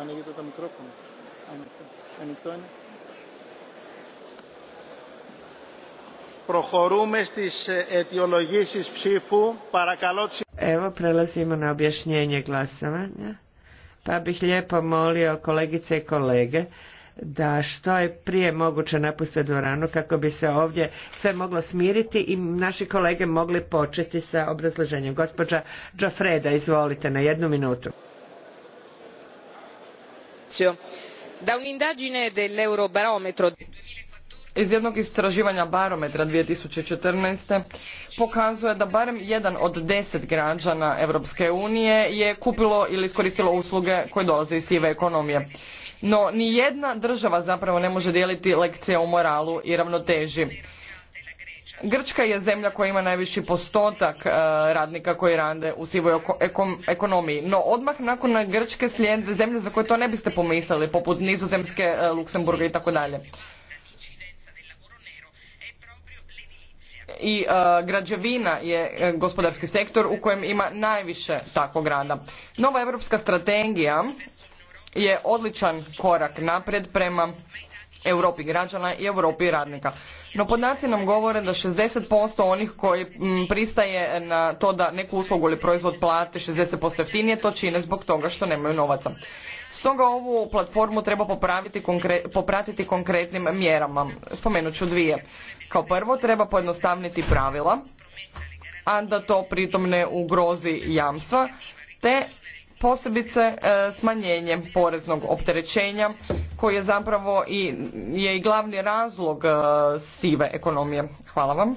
που ανοίγεται το μικρόφωνο. Evo prelazimo na objašnjenje glasovanja. Pa bih lijepo molio kolegice i kolege da što je prije moguće napuste dvoranu kako bi se ovdje sve moglo smiriti i naši kolege mogli početi sa obrazloženjem. Gospođa Džofreda, izvolite na jednu minutu da un'indagine dell'eurobarometro iz jednog istraživanja barometra 2014. pokazuje da barem jedan od deset građana Europske unije je kupilo ili iskoristilo usluge koje dolaze iz sive ekonomije. No, ni jedna država zapravo ne može dijeliti lekcije o moralu i ravnoteži Grčka je zemlja koja ima najviši postotak e, radnika koji rade u sivoj ekonomiji. No odmah nakon Grčke slijede zemlje za koje to ne biste pomislili, poput Nizozemske, e, Luksemburga i tako dalje. i e, građevina je gospodarski sektor u kojem ima najviše takvog rada. Nova europska strategija je odličan korak naprijed prema Europi građana i Europi radnika. No podaci nam govore da 60% onih koji mm, pristaje na to da neku uslugu ili proizvod plate 60% jeftinije, to čine zbog toga što nemaju novaca. Stoga ovu platformu treba popraviti, popratiti konkretnim mjerama. Spomenut ću dvije. Kao prvo treba pojednostavniti pravila, a da to pritom ne ugrozi jamstva, te posebice e, smanjenjem poreznog opterećenja koji je zapravo i, je i glavni razlog e, sive ekonomije. Hvala vam.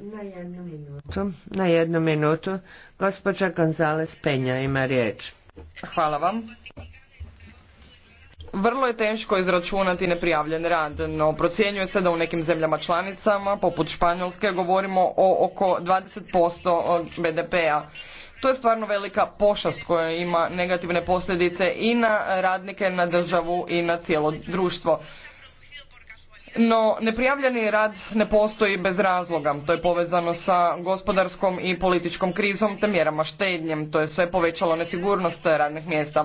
Na jednu minutu. Na jednu Gospođa Gonzales Penja ima riječ. Hvala vam. Vrlo je teško izračunati neprijavljen rad, no procjenjuje se da u nekim zemljama članicama, poput Španjolske, govorimo o oko 20% BDP-a. To je stvarno velika pošast koja ima negativne posljedice i na radnike, na državu i na cijelo društvo. No, neprijavljeni rad ne postoji bez razloga. To je povezano sa gospodarskom i političkom krizom te mjerama štednjem. To je sve povećalo nesigurnost radnih mjesta.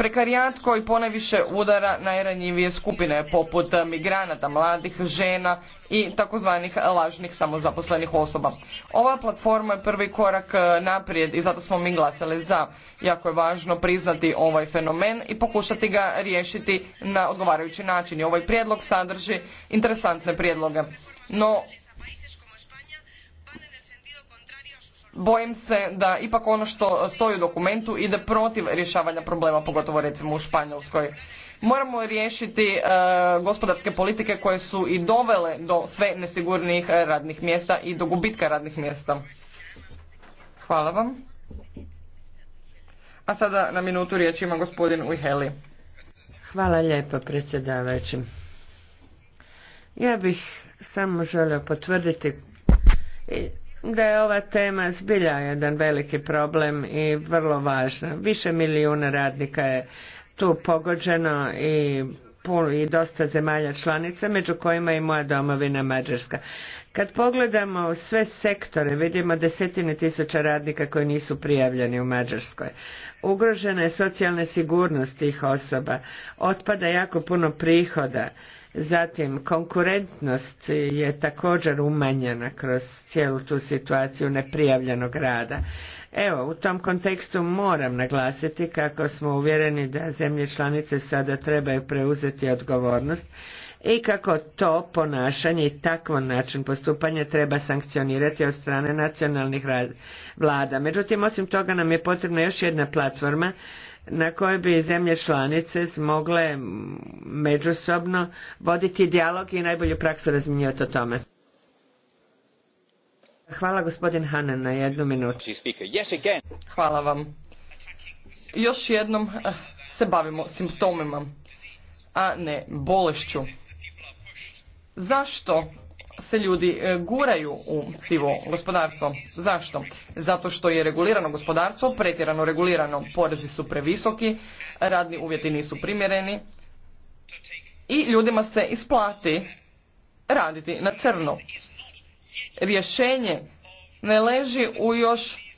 Prekarijat koji ponajviše udara najranjivije skupine poput migranata, mladih žena i takozvanih lažnih samozaposlenih osoba. Ova platforma je prvi korak e, naprijed i zato smo mi glasali za. Jako je važno priznati ovaj fenomen i pokušati ga riješiti na odgovarajući način. I ovaj prijedlog sadrži interesantne prijedloge. No, bojim se da ipak ono što stoji u dokumentu ide protiv rješavanja problema, pogotovo recimo u Španjolskoj. Moramo riješiti e, gospodarske politike koje su i dovele do sve nesigurnijih e, radnih mjesta i do gubitka radnih mjesta. Hvala vam. A sada na minutu riječ ima gospodin Ujheli. Hvala lijepo predsjedavajući. Ja bih samo želio potvrditi da je ova tema zbilja jedan veliki problem i vrlo važna. Više milijuna radnika je tu pogođeno i i dosta zemalja članica, među kojima i moja domovina Mađarska. Kad pogledamo sve sektore, vidimo desetine tisuća radnika koji nisu prijavljeni u Mađarskoj. Ugrožena je socijalna sigurnost tih osoba, otpada jako puno prihoda Zatim, konkurentnost je također umanjena kroz cijelu tu situaciju neprijavljenog rada. Evo, u tom kontekstu moram naglasiti kako smo uvjereni da zemlje članice sada trebaju preuzeti odgovornost i kako to ponašanje i takvo način postupanja treba sankcionirati od strane nacionalnih vlada. Međutim, osim toga nam je potrebna još jedna platforma na koje bi zemlje članice mogle međusobno voditi dijalog i najbolju praksu razminjivati o tome. Hvala gospodin Hanan na jednu minutu. Hvala vam. Još jednom eh, se bavimo simptomima, a ne bolešću. Zašto se ljudi e, guraju u sivo gospodarstvo. Zašto? Zato što je regulirano gospodarstvo, pretjerano regulirano, porezi su previsoki, radni uvjeti nisu primjereni i ljudima se isplati raditi na crno. Rješenje ne leži u još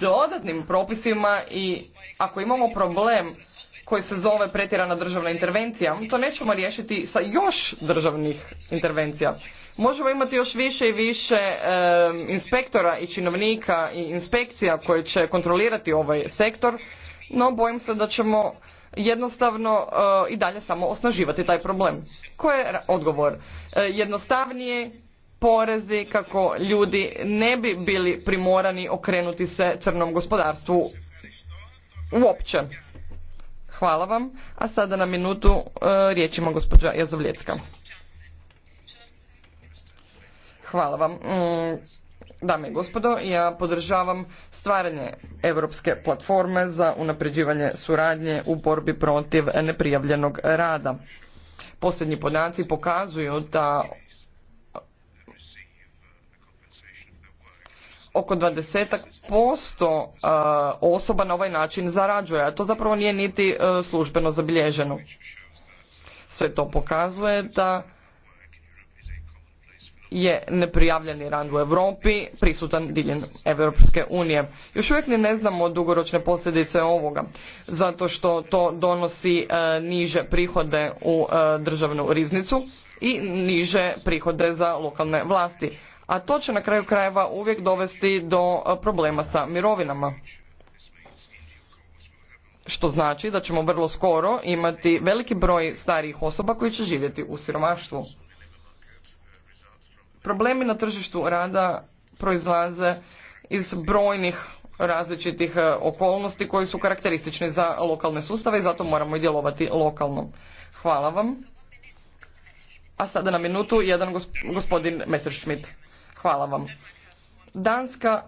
dodatnim propisima i ako imamo problem koji se zove pretjerana državna intervencija, to nećemo riješiti sa još državnih intervencija. Možemo imati još više i više inspektora i činovnika i inspekcija koje će kontrolirati ovaj sektor, no bojim se da ćemo jednostavno eh, i dalje samo osnaživati taj problem. Koji je odgovor? E, jednostavnije porezi kako ljudi ne bi bili primorani okrenuti se crnom gospodarstvu uopće. Hvala vam. A sada na minutu e, riječ ima gospođa Jazovljecka. Hvala vam. Mm, dame i gospodo, ja podržavam stvaranje europske platforme za unapređivanje suradnje u borbi protiv neprijavljenog rada. Posljednji podaci pokazuju da oko 20% e, osoba na ovaj način zarađuje, a to zapravo nije niti e, službeno zabilježeno. Sve to pokazuje da je neprijavljeni rand u Europi prisutan diljem Europske unije. Još uvijek ne znamo dugoročne posljedice ovoga, zato što to donosi e, niže prihode u državnu riznicu i niže prihode za lokalne vlasti a to će na kraju krajeva uvijek dovesti do e, problema sa mirovinama. Što znači da ćemo vrlo skoro imati veliki broj starijih osoba koji će živjeti u siromaštvu. Problemi na tržištu rada proizlaze iz brojnih različitih e, okolnosti koji su karakteristični za lokalne sustave i zato moramo i djelovati lokalno. Hvala vam. A sada na minutu jedan gospodin Messerschmidt. Hvala vam. Danska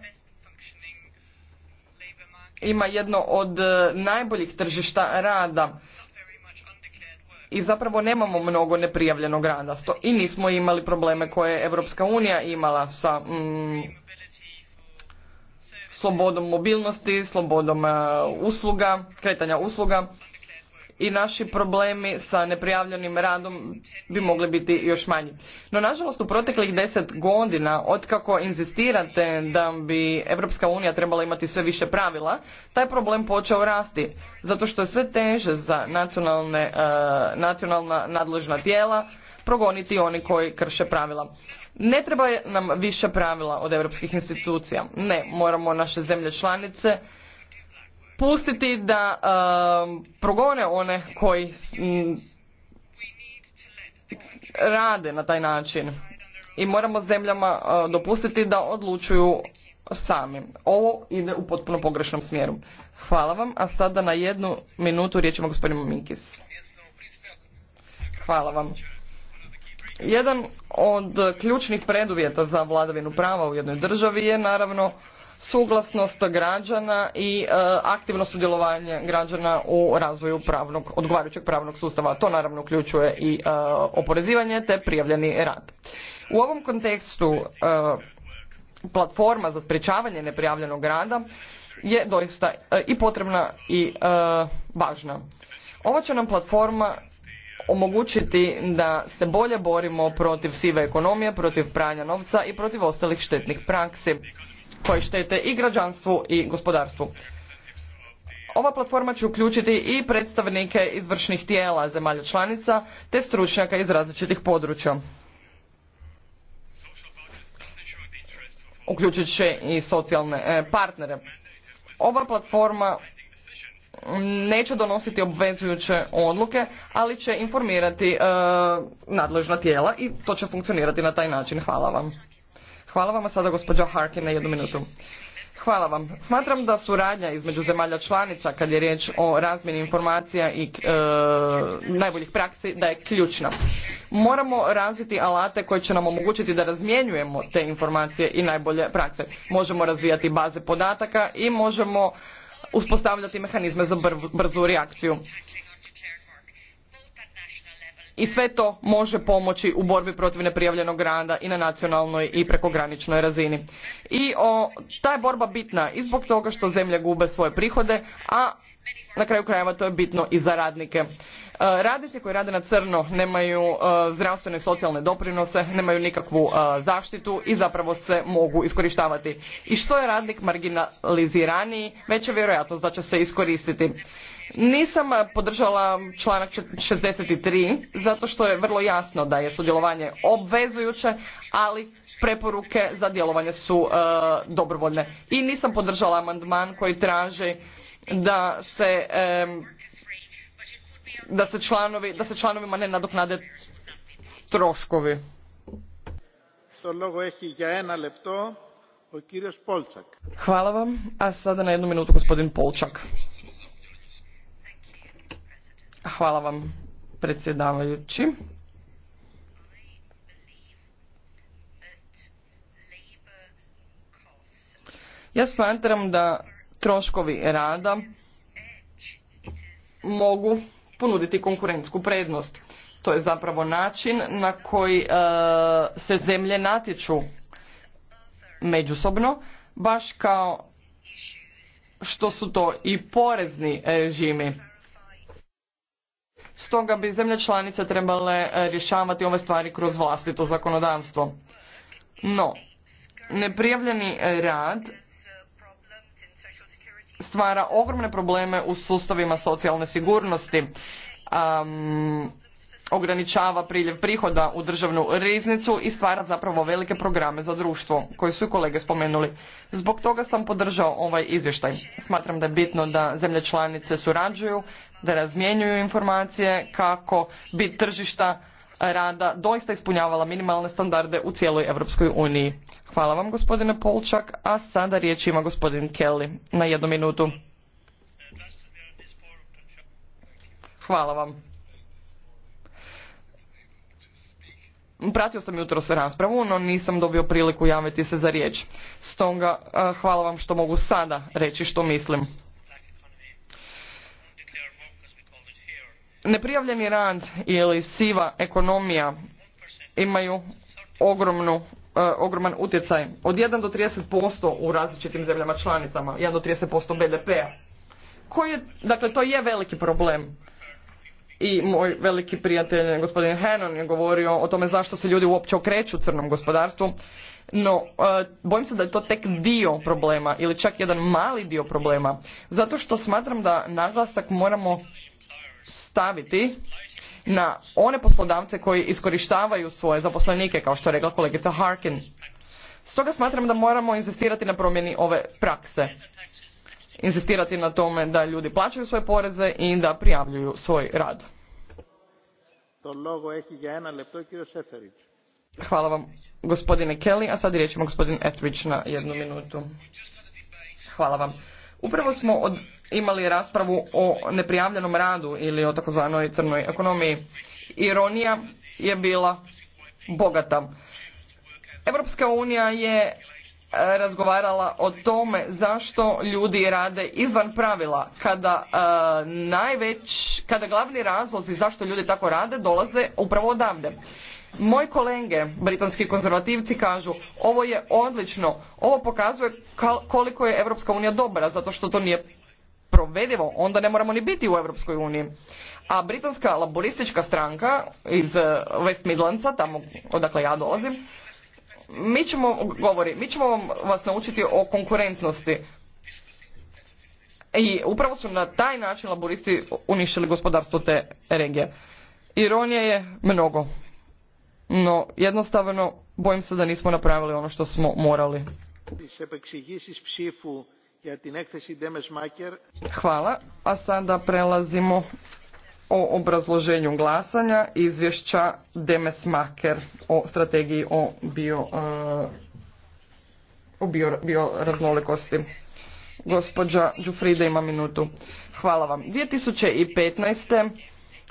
ima jedno od e, najboljih tržišta rada i zapravo nemamo mnogo neprijavljenog rada i nismo imali probleme koje je Evropska unija imala sa mm, slobodom mobilnosti, slobodom e, usluga, kretanja usluga i naši problemi sa neprijavljenim radom bi mogli biti još manji. No, nažalost, u proteklih deset godina, otkako inzistirate da bi Europska unija trebala imati sve više pravila, taj problem počeo rasti, zato što je sve teže za nacionalne, e, nacionalna nadležna tijela progoniti oni koji krše pravila. Ne treba nam više pravila od europskih institucija. Ne, moramo naše zemlje članice pustiti da um, progone one koji rade na taj način i moramo zemljama uh, dopustiti da odlučuju sami. Ovo ide u potpuno pogrešnom smjeru. Hvala vam, a sada na jednu minutu riječ gospodinu Minkis. Hvala vam. Jedan od ključnih preduvjeta za vladavinu prava u jednoj državi je naravno suglasnost građana i e, aktivno sudjelovanje građana u razvoju pravnog, odgovarajućeg pravnog sustava. To naravno uključuje i e, oporezivanje te prijavljeni rad. U ovom kontekstu e, platforma za sprječavanje neprijavljenog rada je doista i potrebna i važna. Ova će nam platforma omogućiti da se bolje borimo protiv sive ekonomije, protiv pranja novca i protiv ostalih štetnih praksi koji štete i građanstvu i gospodarstvu. Ova platforma će uključiti i predstavnike izvršnih tijela zemalja članica te stručnjaka iz različitih područja. Uključit će i socijalne e, partnere. Ova platforma mm, neće donositi obvezujuće odluke, ali će informirati e, nadležna tijela i to će funkcionirati na taj način. Hvala vam. Hvala vam, a sada gospođa Harkin na jednu minutu. Hvala vam. Smatram da suradnja između zemalja članica kad je riječ o razmjeni informacija i e, najboljih praksi da je ključna. Moramo razviti alate koje će nam omogućiti da razmjenjujemo te informacije i najbolje prakse. Možemo razvijati baze podataka i možemo uspostavljati mehanizme za brzu reakciju i sve to može pomoći u borbi protiv neprijavljenog rada i na nacionalnoj i prekograničnoj razini. I ta je borba bitna i zbog toga što zemlje gube svoje prihode, a na kraju krajeva to je bitno i za radnike. E, radnici koji rade na crno nemaju e, zdravstvene socijalne doprinose, nemaju nikakvu e, zaštitu i zapravo se mogu iskorištavati. I što je radnik marginaliziraniji, veća vjerojatnost da će se iskoristiti. Nisam podržala članak 63 zato što je vrlo jasno da je sudjelovanje obvezujuće, ali preporuke za djelovanje su e, dobrovoljne. I nisam podržala amandman koji traži da se, da se, članovi, da se članovima ne nadoknade troškovi. Hvala vam. A sada na jednu minutu gospodin Polčak. Hvala vam, predsjedavajući. Ja smatram da troškovi rada mogu ponuditi konkurentsku prednost. To je zapravo način na koji e, se zemlje natječu međusobno, baš kao što su to i porezni režimi stoga bi zemlje članice trebale e, rješavati ove stvari kroz vlastito zakonodavstvo. No, neprijavljeni e, rad stvara ogromne probleme u sustavima socijalne sigurnosti. ograničava priljev prihoda u državnu riznicu i stvara zapravo velike programe za društvo koje su i kolege spomenuli. Zbog toga sam podržao ovaj izvještaj. Smatram da je bitno da zemlje članice surađuju da razmjenjuju informacije kako bi tržišta rada doista ispunjavala minimalne standarde u cijeloj Europskoj uniji. Hvala vam gospodine Polčak, a sada riječ ima gospodin Kelly na jednu minutu. Hvala vam. Pratio sam jutros raspravu, no nisam dobio priliku javiti se za riječ. Stoga eh, hvala vam što mogu sada reći što mislim. neprijavljeni rad ili siva ekonomija imaju ogromnu e, ogroman utjecaj od 1 do 30% u različitim zemljama članicama, 1 do 30% BDP-a. Koji je, dakle, to je veliki problem. I moj veliki prijatelj, gospodin Hannon, je govorio o tome zašto se ljudi uopće okreću crnom gospodarstvu. No, e, bojim se da je to tek dio problema ili čak jedan mali dio problema. Zato što smatram da naglasak moramo staviti na one poslodavce koji iskorištavaju svoje zaposlenike kao što je rekla kolegica Harkin. Stoga smatram da moramo inzistirati na promjeni ove prakse. Inzistirati na tome da ljudi plaćaju svoje poreze i da prijavljuju svoj rad. Hvala vam gospodine Kelly, a sad riječ gospodin Etheridge na jednu minutu. Hvala vam. Upravo smo od imali raspravu o neprijavljenom radu ili o takozvanoj crnoj ekonomiji. Ironija je bila bogata. Europska unija je e, razgovarala o tome zašto ljudi rade izvan pravila kada e, najveć kada glavni razlozi zašto ljudi tako rade dolaze upravo odavde moji kolege britanski konzervativci kažu ovo je odlično ovo pokazuje koliko je europska unija dobra zato što to nije provedivo, onda ne moramo ni biti u Europskoj uniji. A britanska laboristička stranka iz eh, West Midlandsa, tamo odakle ja dolazim, mi ćemo, govori, mi ćemo vas naučiti o konkurentnosti. I upravo su na taj način laboristi uništili gospodarstvo te regije. Ironije je mnogo. No, jednostavno, bojim se da nismo napravili ono što smo morali. Hvala. A sada prelazimo o obrazloženju glasanja izvješća Demes o strategiji o bio, e, o bio, bio raznolikosti. Gospođa Đufrida ima minutu. Hvala vam. 2015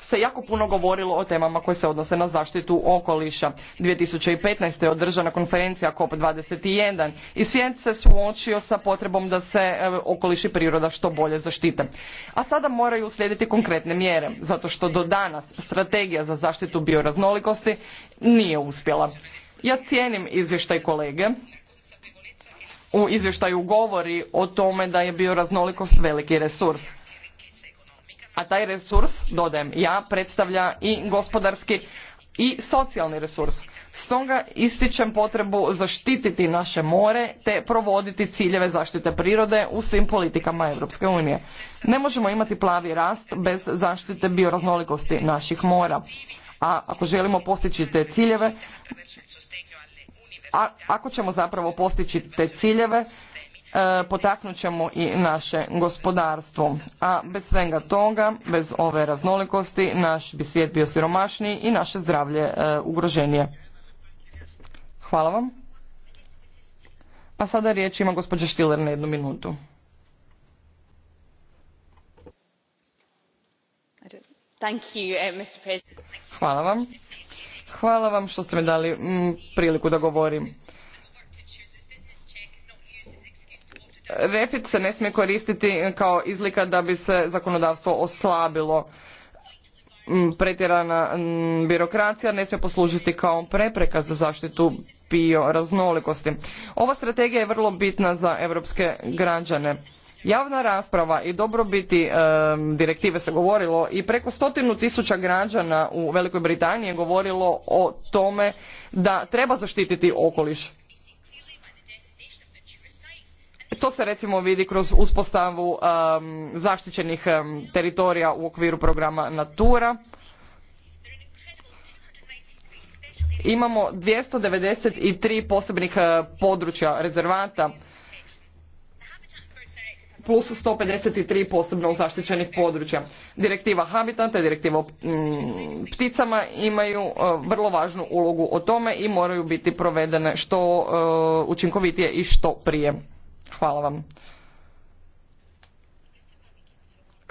se jako puno govorilo o temama koje se odnose na zaštitu okoliša. 2015. je održana konferencija COP21 i svijet se suočio sa potrebom da se e, okoliš i priroda što bolje zaštite. A sada moraju slijediti konkretne mjere, zato što do danas strategija za zaštitu bioraznolikosti nije uspjela. Ja cijenim izvještaj kolege, u izvještaju govori o tome da je bioraznolikost veliki resurs a taj resurs dodajem ja predstavlja i gospodarski i socijalni resurs stoga ističem potrebu zaštititi naše more te provoditi ciljeve zaštite prirode u svim politikama europske unije ne možemo imati plavi rast bez zaštite bioraznolikosti naših mora a ako želimo postići te ciljeve a ako ćemo zapravo postići te ciljeve E, potaknut ćemo i naše gospodarstvo. A bez svega toga, bez ove raznolikosti, naš bi svijet bio siromašniji i naše zdravlje e, ugroženije. Hvala vam. A pa sada riječ ima gospođa Štiler na jednu minutu. Uh, Hvala vam. Hvala vam što ste mi dali mm, priliku da govorim. refit se ne smije koristiti kao izlika da bi se zakonodavstvo oslabilo mm, pretjerana mm, birokracija ne smije poslužiti kao prepreka za zaštitu bioraznolikosti ova strategija je vrlo bitna za europske građane javna rasprava i dobrobiti e, direktive se govorilo i preko stotinu tisuća građana u velikoj britaniji je govorilo o tome da treba zaštititi okoliš to se recimo vidi kroz uspostavu zaštićenih teritorija u okviru programa natura imamo 293 posebnih e, područja rezervata plus 153 posebno zaštićenih područja. Direktiva Habitanta i direktiva o mm, pticama imaju e, vrlo važnu ulogu o tome i moraju biti provedene što e, učinkovitije i što prije. Hvala vam.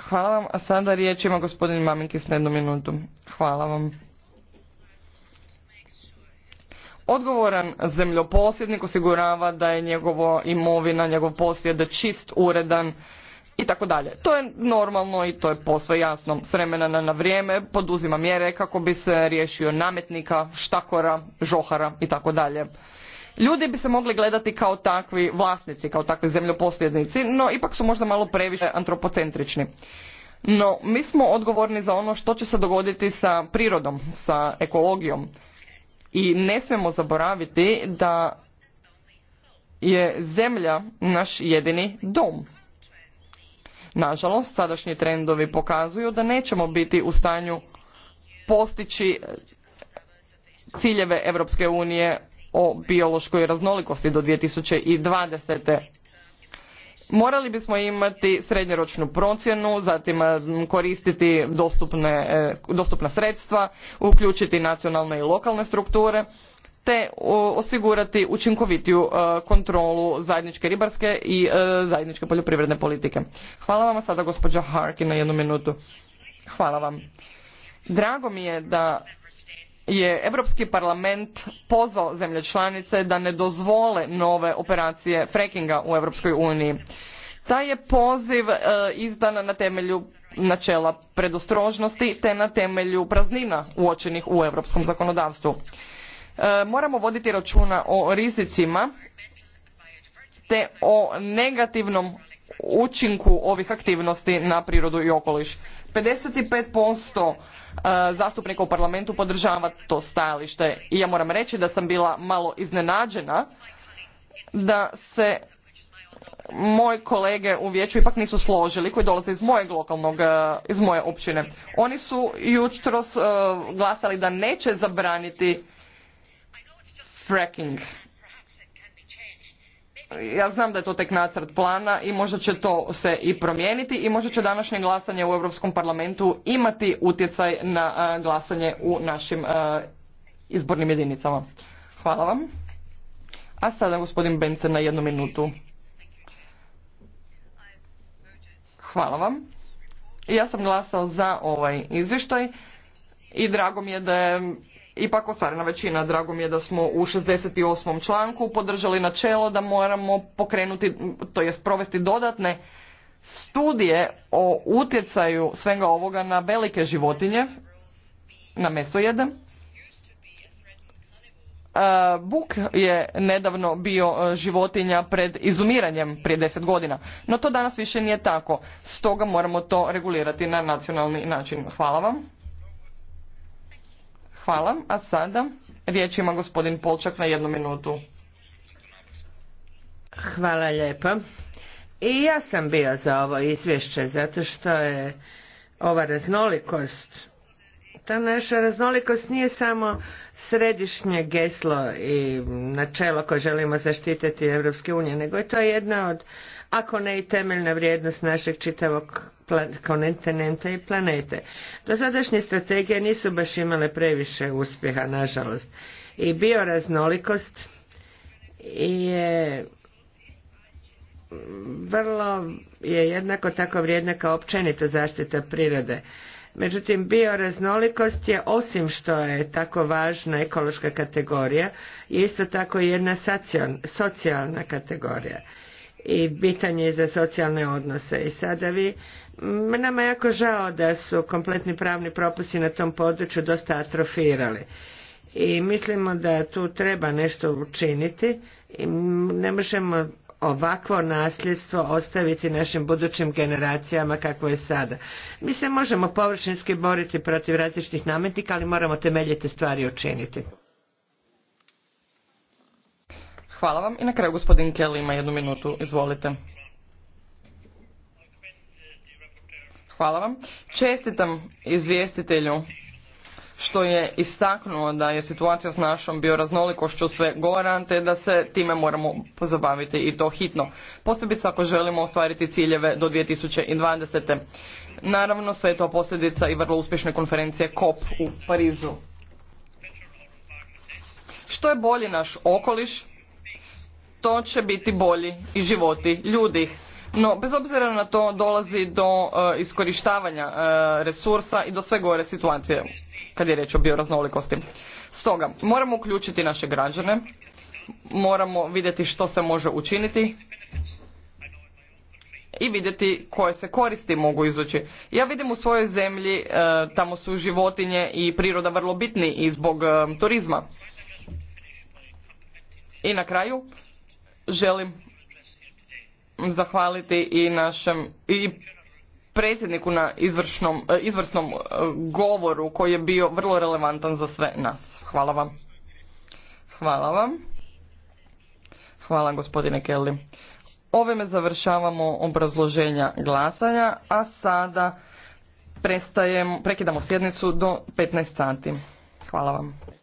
Hvala vam, a sada riječ ima gospodin Mamikis na jednu minutu. Hvala vam. Odgovoran zemljoposjednik osigurava da je njegova imovina, njegov posjed čist, uredan i tako dalje. To je normalno i to je posve jasno. S vremena na vrijeme poduzima mjere kako bi se riješio nametnika, štakora, žohara i tako dalje ljudi bi se mogli gledati kao takvi vlasnici kao takvi zemljoposljednici no ipak su možda malo previše antropocentrični no mi smo odgovorni za ono što će se dogoditi sa prirodom sa ekologijom i ne smijemo zaboraviti da je zemlja naš jedini dom nažalost sadašnji trendovi pokazuju da nećemo biti u stanju postići ciljeve europske unije o biološkoj raznolikosti do 2020. Morali bismo imati srednjoročnu procjenu, zatim eh, koristiti dostupne, eh, dostupna sredstva, uključiti nacionalne i lokalne strukture, te osigurati učinkovitiju eh, kontrolu zajedničke ribarske i zajedničke poljoprivredne politike. Hvala vam sada gospođa Harkin na jednu minutu. Hvala vam. Drago mi je da je Europski parlament pozvao zemlje članice da ne dozvole nove operacije frackinga u Europskoj uniji. Taj je poziv e, izdan na temelju načela predostrožnosti te na temelju praznina uočenih u europskom zakonodavstvu. E, moramo voditi računa o rizicima te o negativnom učinku ovih aktivnosti na prirodu i okoliš. 55% E, zastupnika u parlamentu podržava to stajalište i ja moram reći da sam bila malo iznenađena da se moji kolege u vijeću ipak nisu složili koji dolaze iz mojeg lokalnog e, iz moje općine oni su jutros e, glasali da neće zabraniti fracking ja znam da je to tek nacrt plana i možda će to se i promijeniti i možda će današnje glasanje u Europskom parlamentu imati utjecaj na glasanje u našim izbornim jedinicama. Hvala vam. A sada gospodin Bence na jednu minutu. Hvala vam. Ja sam glasao za ovaj izvještaj i drago mi je da je ipak ostvarena većina. Drago mi je da smo u 68. članku podržali načelo da moramo pokrenuti, to jest provesti dodatne studije o utjecaju svega ovoga na velike životinje, na mesojede. Buk e, je nedavno bio e, životinja pred izumiranjem prije deset godina, no to danas više nije tako. Stoga moramo to regulirati na nacionalni način. Hvala vam. Hvala. A sada riječ ima gospodin Polčak na jednu minutu. Hvala lijepa. I ja sam bio za ovo izvješće zato što je ova raznolikost ta naša raznolikost nije samo središnje geslo i načelo koje želimo zaštititi Evropske unije, nego je to jedna od ako ne i temeljna vrijednost našeg čitavog kontinenta i planete. Dosadašnje strategije nisu baš imale previše uspjeha, nažalost. I bioraznolikost je vrlo je jednako tako vrijedna kao općenita zaštita prirode. Međutim, bioraznolikost je, osim što je tako važna ekološka kategorija, isto tako jedna socijalna kategorija i bitan za socijalne odnose. I sada vi, nama je jako žao da su kompletni pravni propisi na tom području dosta atrofirali. I mislimo da tu treba nešto učiniti i ne možemo ovakvo nasljedstvo ostaviti našim budućim generacijama kakvo je sada. Mi se možemo površinski boriti protiv različitih nametnika, ali moramo temeljite stvari učiniti. Hvala vam. I na kraju gospodin Kelly ima jednu minutu. Izvolite. Hvala vam. Čestitam izvjestitelju što je istaknuo da je situacija s našom bioraznolikošću sve gore, te da se time moramo pozabaviti i to hitno. Posebice ako želimo ostvariti ciljeve do 2020. Naravno sve je to posljedica i vrlo uspješne konferencije COP u Parizu. Što je bolji naš okoliš, to će biti bolji i životi ljudi. No, bez obzira na to dolazi do e, iskorištavanja e, resursa i do sve gore situacije kad je reč o bioraznolikosti. Stoga, moramo uključiti naše građane, moramo vidjeti što se može učiniti i vidjeti koje se koristi mogu izvući. Ja vidim u svojoj zemlji, e, tamo su životinje i priroda vrlo bitni i zbog turizma. I na kraju, želim zahvaliti i našem i predsjedniku na izvršnom, e, izvrsnom e, govoru koji je bio vrlo relevantan za sve nas. Hvala vam. Hvala vam. Hvala gospodine Kelly. Ovime završavamo obrazloženja glasanja, a sada prekidamo sjednicu do 15 sati. Hvala vam.